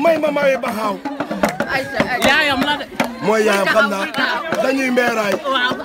may ma mawe baxaaw yaayam la de mooy yaayam xam naa dañuy mbeeraay